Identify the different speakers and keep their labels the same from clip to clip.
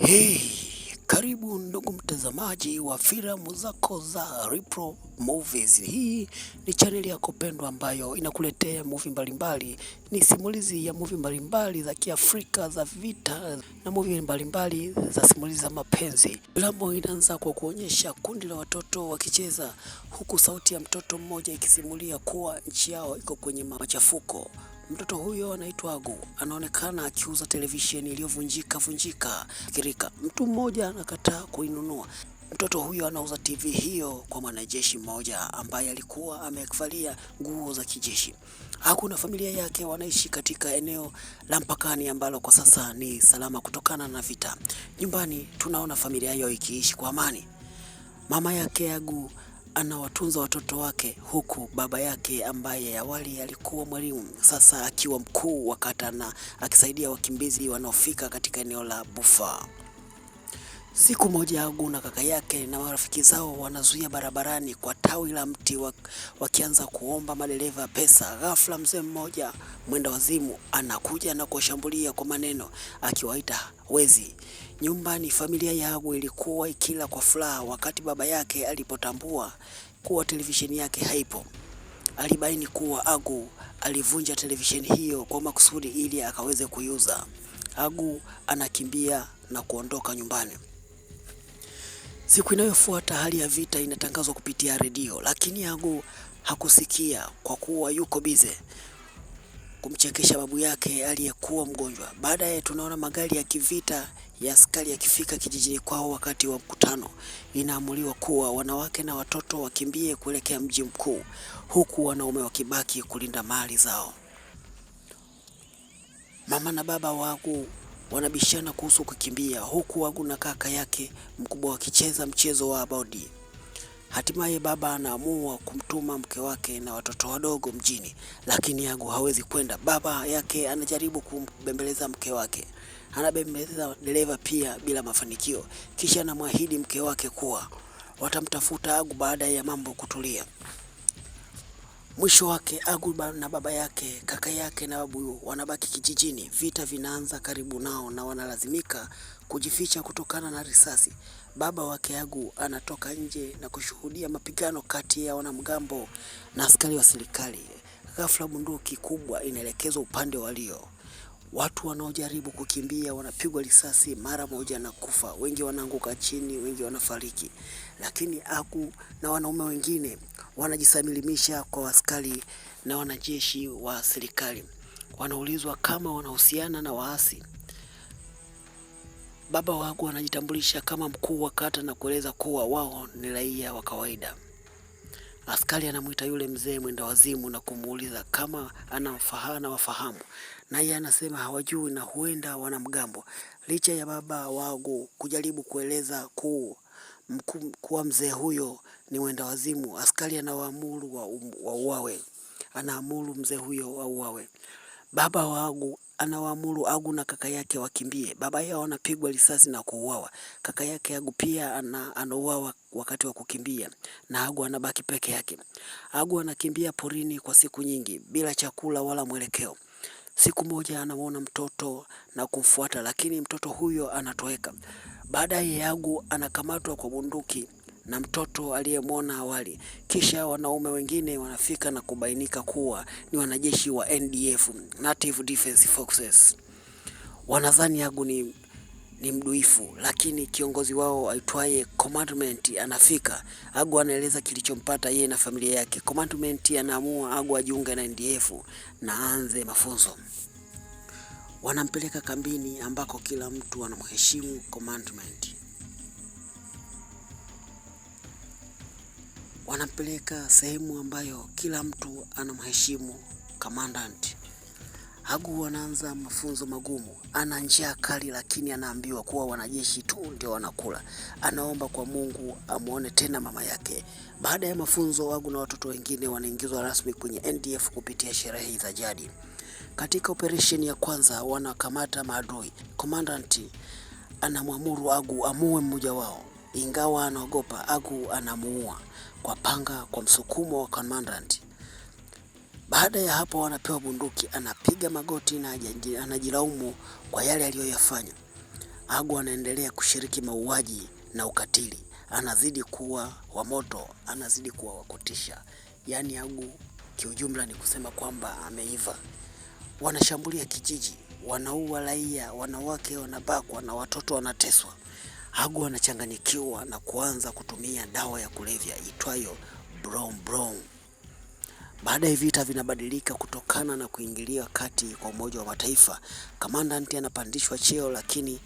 Speaker 1: Hey, karibu ndugu mtazamaji wa filamu zako za Repro Movies. Hii ni chaneli yako pendwa ambayo inakuletea movie mbalimbali, ni simulizi ya movie mbalimbali za Kiafrika za vita na movie mbalimbali za simulizi za mapenzi. Filamu inaanza kwa kuonyesha kundi la watoto wakicheza, huku sauti ya mtoto mmoja ikisimulia kuwa nchi yao iko kwenye machafuko Mtoto huyo anaitwa Agu, anaonekana akiuza televisheni iliyovunjika vunjika kirika. Mtu mmoja anakataa kuinunua. Mtoto huyo anauza TV hiyo kwa mwanajeshi mmoja ambaye alikuwa amevalia nguo za kijeshi. Agu na familia yake wanaishi katika eneo la mpakani ambalo kwa sasa ni salama kutokana na vita. Nyumbani tunaona familia hiyo ikiishi kwa amani. Mama yake Agu anawatunza watoto wake, huku baba yake ambaye awali alikuwa mwalimu sasa akiwa mkuu wa kata na akisaidia wakimbizi wanaofika katika eneo la Bufa. Siku moja Agu na kaka yake na marafiki zao wanazuia barabarani kwa tawi la mti wakianza wa kuomba madereva pesa. Ghafla mzee mmoja mwenda wazimu anakuja na kuwashambulia kwa maneno akiwaita wezi. Nyumbani, familia ya Agu ilikuwa ikila kwa furaha wakati baba yake alipotambua kuwa televisheni yake haipo. Alibaini kuwa Agu alivunja televisheni hiyo kwa makusudi ili akaweze kuiuza. Agu anakimbia na kuondoka nyumbani. Siku inayofuata hali ya vita inatangazwa kupitia redio, lakini agu hakusikia kwa kuwa yuko bize kumchekesha babu yake aliyekuwa mgonjwa. Baadaye tunaona magari ya kivita ya askari yakifika kijijini kwao. Wakati wa mkutano, inaamuliwa kuwa wanawake na watoto wakimbie kuelekea mji mkuu, huku wanaume wakibaki kulinda mali zao. Mama na baba wa wanabishana kuhusu kukimbia, huku Wangu na kaka yake mkubwa wakicheza mchezo wa bodi. Hatimaye baba anaamua kumtuma mke wake na watoto wadogo mjini, lakini Yangu hawezi kwenda. Baba yake anajaribu kumbembeleza mke wake, anabembeleza dereva pia bila mafanikio, kisha anamwahidi mke wake kuwa watamtafuta agu baada ya mambo kutulia. Mwisho wake Aguba na baba yake, kaka yake na babu wanabaki kijijini. Vita vinaanza karibu nao na wanalazimika kujificha kutokana na risasi. Baba wake Agu anatoka nje na kushuhudia mapigano kati ya wanamgambo na askari wa serikali. Ghafla bunduki kubwa inaelekezwa upande walio. Watu wanaojaribu kukimbia wanapigwa risasi mara moja na kufa, wengi wanaanguka chini, wengi wanafariki, lakini Aku na wanaume wengine wanajisalimisha kwa askari na wanajeshi wa serikali. Wanaulizwa kama wanahusiana na waasi. Baba wagu anajitambulisha kama mkuu wa kata na kueleza kuwa wao ni raia wa kawaida. Askari anamwita yule mzee mwenda wazimu na kumuuliza kama anamfahamu na wafahamu, yeye anasema hawajui na huenda wanamgambo. Licha ya Baba wagu kujaribu kueleza kuu kuwa mzee huyo ni wenda wazimu, askari anawaamuru wauawe anaamuru mzee huyo wauawe. Baba wa Agu anawaamuru Agu na kaka yake wakimbie. Baba yao anapigwa risasi na kuuawa. Kaka yake Agu pia anauawa wakati wa kukimbia na Agu anabaki peke yake. Agu anakimbia porini kwa siku nyingi bila chakula wala mwelekeo. Siku moja anamwona mtoto na kumfuata, lakini mtoto huyo anatoweka baada ya Yagu anakamatwa kwa bunduki na mtoto aliyemwona awali. Kisha wanaume wengine wanafika na kubainika kuwa ni wanajeshi wa NDF, Native Defense Forces. Wanadhani Yagu ni, ni mduifu, lakini kiongozi wao aitwaye Commandment anafika. Agu anaeleza kilichompata yeye na familia yake. Commandment anaamua Agu ajiunge na NDF na aanze mafunzo wanampeleka kambini ambako kila mtu anamheshimu commandment. Wanampeleka sehemu ambayo kila mtu anamheshimu commandant. Hagu wanaanza mafunzo magumu, ana njaa kali, lakini anaambiwa kuwa wanajeshi tu ndio wanakula. Anaomba kwa Mungu amwone tena mama yake. Baada ya mafunzo, agu na watoto wengine wanaingizwa rasmi kwenye NDF kupitia sherehe za jadi. Katika operesheni ya kwanza wanakamata maadui, komandanti anamwamuru Agu amue mmoja wao, ingawa anaogopa Agu anamuua kwa panga kwa msukumo wa komandanti. Baada ya hapo wanapewa bunduki, anapiga magoti na anajilaumu kwa yale aliyoyafanya. Agu anaendelea kushiriki mauaji na ukatili, anazidi kuwa wa moto, anazidi kuwa wa kutisha. Yaani Agu kiujumla ni kusema kwamba ameiva wanashambulia kijiji, wanaua raia, wanawake wanabakwa na watoto wanateswa. Hagu anachanganyikiwa na kuanza kutumia dawa ya kulevya itwayo Brom Baada ya vita vinabadilika kutokana na kuingilia kati kwa Umoja wa Mataifa, Kamandanti anapandishwa cheo, lakini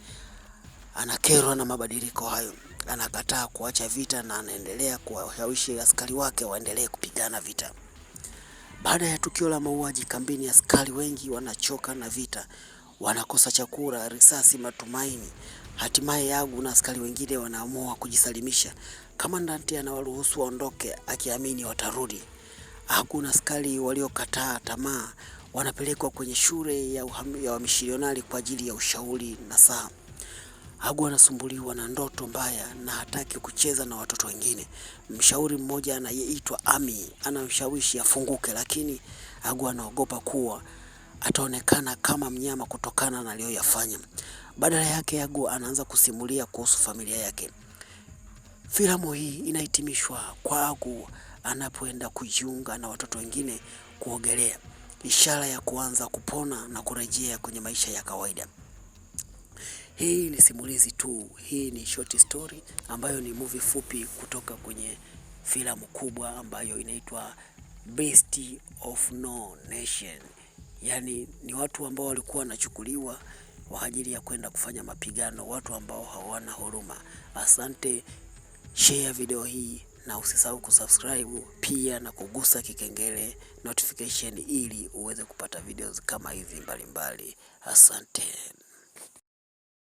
Speaker 1: anakerwa na mabadiliko hayo. Anakataa kuacha vita na anaendelea kuwashawishi askari wake waendelee kupigana vita. Baada ya tukio la mauaji kambini, askari wengi wanachoka na vita, wanakosa chakula, risasi, matumaini. Hatimaye Yagu na askari wengine wanaamua kujisalimisha. Kamandanti anawaruhusu waondoke, akiamini watarudi. Hakuna askari waliokataa tamaa, wanapelekwa kwenye shule ya wamishionari kwa ajili ya ushauri na saa agu anasumbuliwa na ndoto mbaya na hataki kucheza na watoto wengine. Mshauri mmoja anayeitwa Ami anamshawishi afunguke, lakini agu anaogopa kuwa ataonekana kama mnyama kutokana na aliyoyafanya. Badala yake, Agu anaanza kusimulia kuhusu familia yake. Filamu hii inahitimishwa kwa Agu anapoenda kujiunga na watoto wengine kuogelea, ishara ya kuanza kupona na kurejea kwenye maisha ya kawaida. Hii ni simulizi tu, hii ni short story ambayo ni movie fupi kutoka kwenye filamu kubwa ambayo inaitwa Beast of No Nation. Yaani ni watu ambao walikuwa wanachukuliwa kwa ajili ya kwenda kufanya mapigano, watu ambao hawana huruma. Asante, share video hii na usisahau kusubscribe pia na kugusa kikengele notification ili uweze kupata videos kama hizi mbalimbali. Asante.